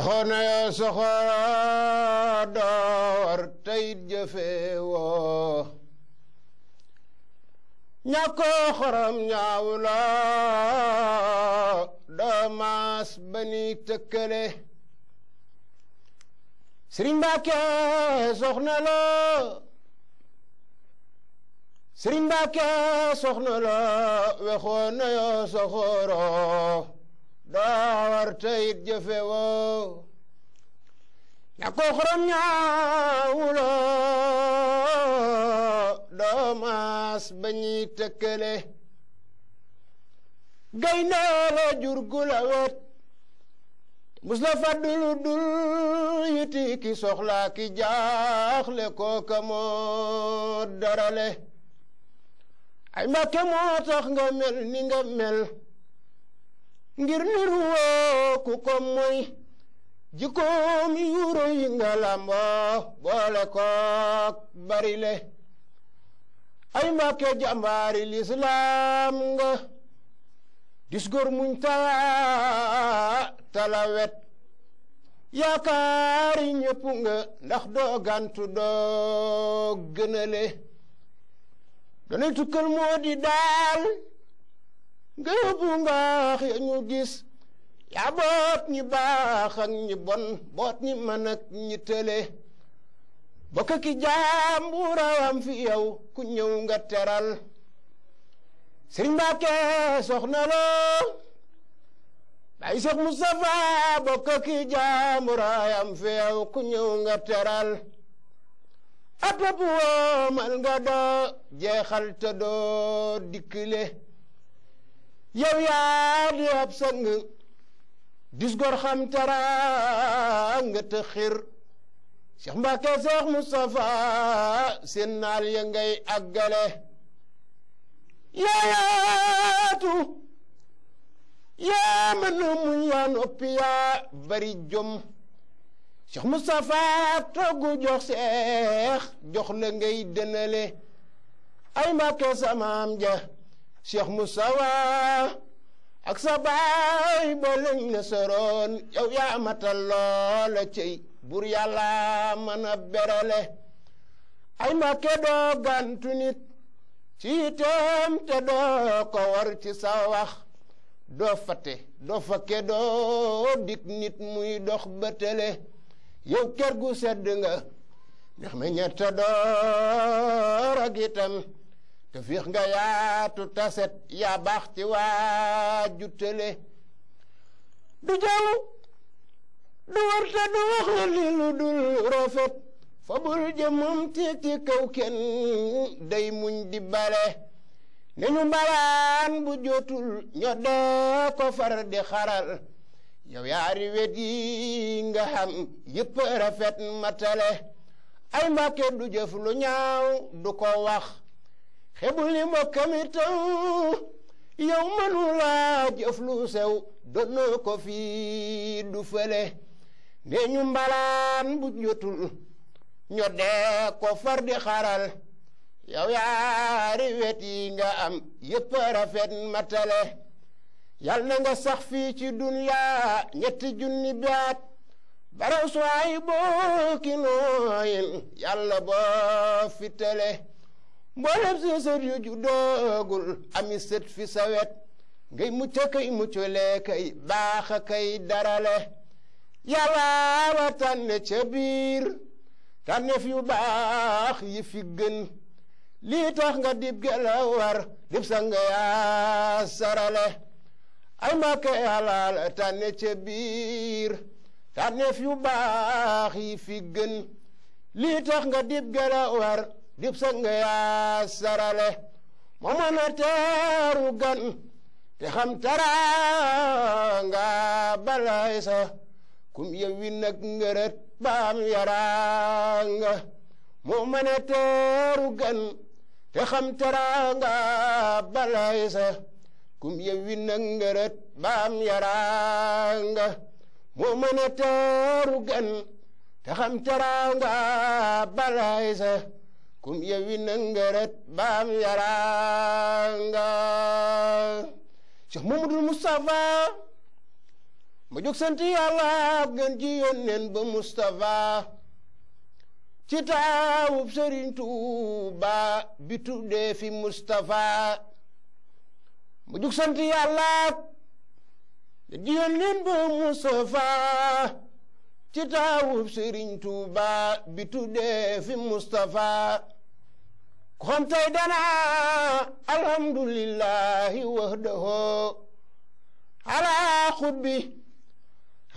fexoon na yoo soxor door tayit jëfee woo ñàkkoo xorom ñaaw doo maas ba ni tëkkale Sëriñ Mbàkke soxna la Sëriñ Mbàkke daa war tayit jëfe woo ña ko xorom ñaawuloo doo maas ba ñuy tëkkale gaynde la jur gu la wet mus la yiti ki soxlaa ki jaaxle kooka moo darale ay mbàkke moo tax ni nga ngir niru ku ko moy mi yuro yi ngalamba lamboo ko kook bari le ay mbàkke jàmbaari lislaam nga dis gor muñ ta talawet yaakaari ñëpp nga ndax doo gantu doo gënale danay tukkal moo di daal ngërëbu mbaax ya ñu gis yaa boot ñi baax ñi bon boot ñi mën ñi tële bokk ki jaam fi yow ku ñëw nga teral sëriñ Mbàkke soxna loo bay Seex Mustafa bokk ki jaam fi yow ku ñëw nga teral atap woomal nga doo jeexal te doo dikkile yow yaa di xir Cheikh Mbacke Cheikh Moustapha seen naal ya ngay àggale yaa yaatu yaa mën a muñ yaa noppi yaa bari jom Cheikh Moustapha toggu jox seex jox la ngay dënale ay Mbacke samaam ja cheikh musawa ak sa baay boo lañ la soroon yow yaa matal loola cey bur yàlla mën a berale ay mbàkke doo gàntu nit ci itam te doo ko war ci sa wax doo fate doo fakke doo dig nit muy dox bëtale yow kër gu sedd nga ndax ma ñetta door ak te fiix nga yaatu taset yaa baax ci waaju tele du jaw du warta du wax la li lu dul rafet fa bul jëmam teeg ci kaw kenn day muñ di bale ni ñu mbalaan bu jotul ño dee ko far di xaral yow yaari wet yi nga xam yëpp rafet matale ay mbàkke du jëf lu ñaaw du ko wax xebul ni mbokkam itam yow mënu jëf lu sew donnoo ko fii du fële ne ñu mbalaan bu jotul ñoddee ko far di xaral yow yaari wet yi nga am yëpp rafet matale yal na nga sax fii ci dunyaa ñetti junni baat baraw suwaay boo ki nooyin yàlla boo fitale mboolem sësër yu juddoogul ami sët fi sawet ngay mucc kay muccule kay baax kay darale yàllaa wa tànne ca tànneef yu baax yi fi gën nga dib gela war dib sanga sarale ay maake yàllaal tànne ca biir tànneef yu baax yi fi gën nga dib gela dib sang yaa sarale moo mën a teeru gan te xam taraanga balay sa kum yewwi nag ngërët baam yaraanga moo mën teeru gan te xam taraanga balay sa kum yewwi nag ngërët baam yaraanga moo mën teeru gan te xam taraanga balay sa kum yewi nëngërët baam yaranga Cheikh Mamadul Moustapha ma jóg sant yàlla gën ji yónneen ba Moustapha ci taawub Sëriñ Tuuba bi tuddee fi Moustapha ma jóg sant yàlla gën ji yónneen ba Moustapha ci taawub sëriñ tuuba bi tuddee fi mustapha kon tey dana alhamdulillahi wahdahu ala xutbi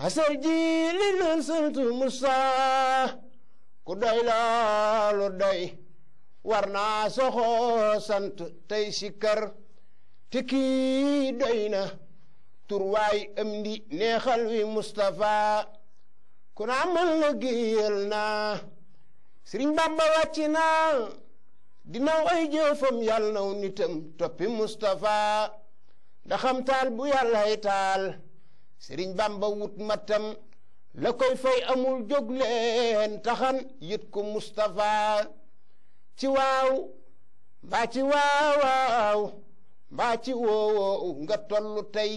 asal ji li leen musa ku doy doy war naa soxoo sant tey sikkar te kii doy na turwaay am di neexal wi mustapha ku naa man liggéeyal naa sëriñ bàmba wàcc naa dinaw ay jëfam yàlla naw nitam toppi Mustapha ndaxam taal bu yàllay taal sëriñ bàmba wut matam la koy fay amul jóg leen taxan yit ko Mustapha ci waaw mbaa ci waawaaw mbaa ci woowoo nga tollu tey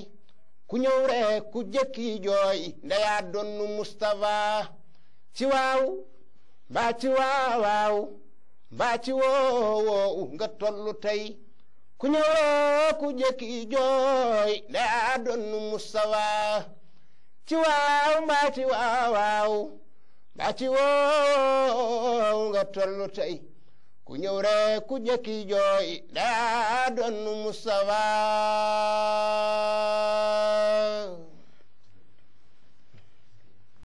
ku ñëw rek ku jëkki jooy ndeyaa donnu Mustapha ci waaw mbaa ci waawaaw mbaa ci woowoow nga tollu tey ku ñëw rek ku jëkki jooy ndeyaa donnu Mustapha ci waaw mbaa ci waawaaw mbaa ci woowoow nga tollu tey ku ñëw rek ku jëkki jooy ndeyaa donnu Mustapha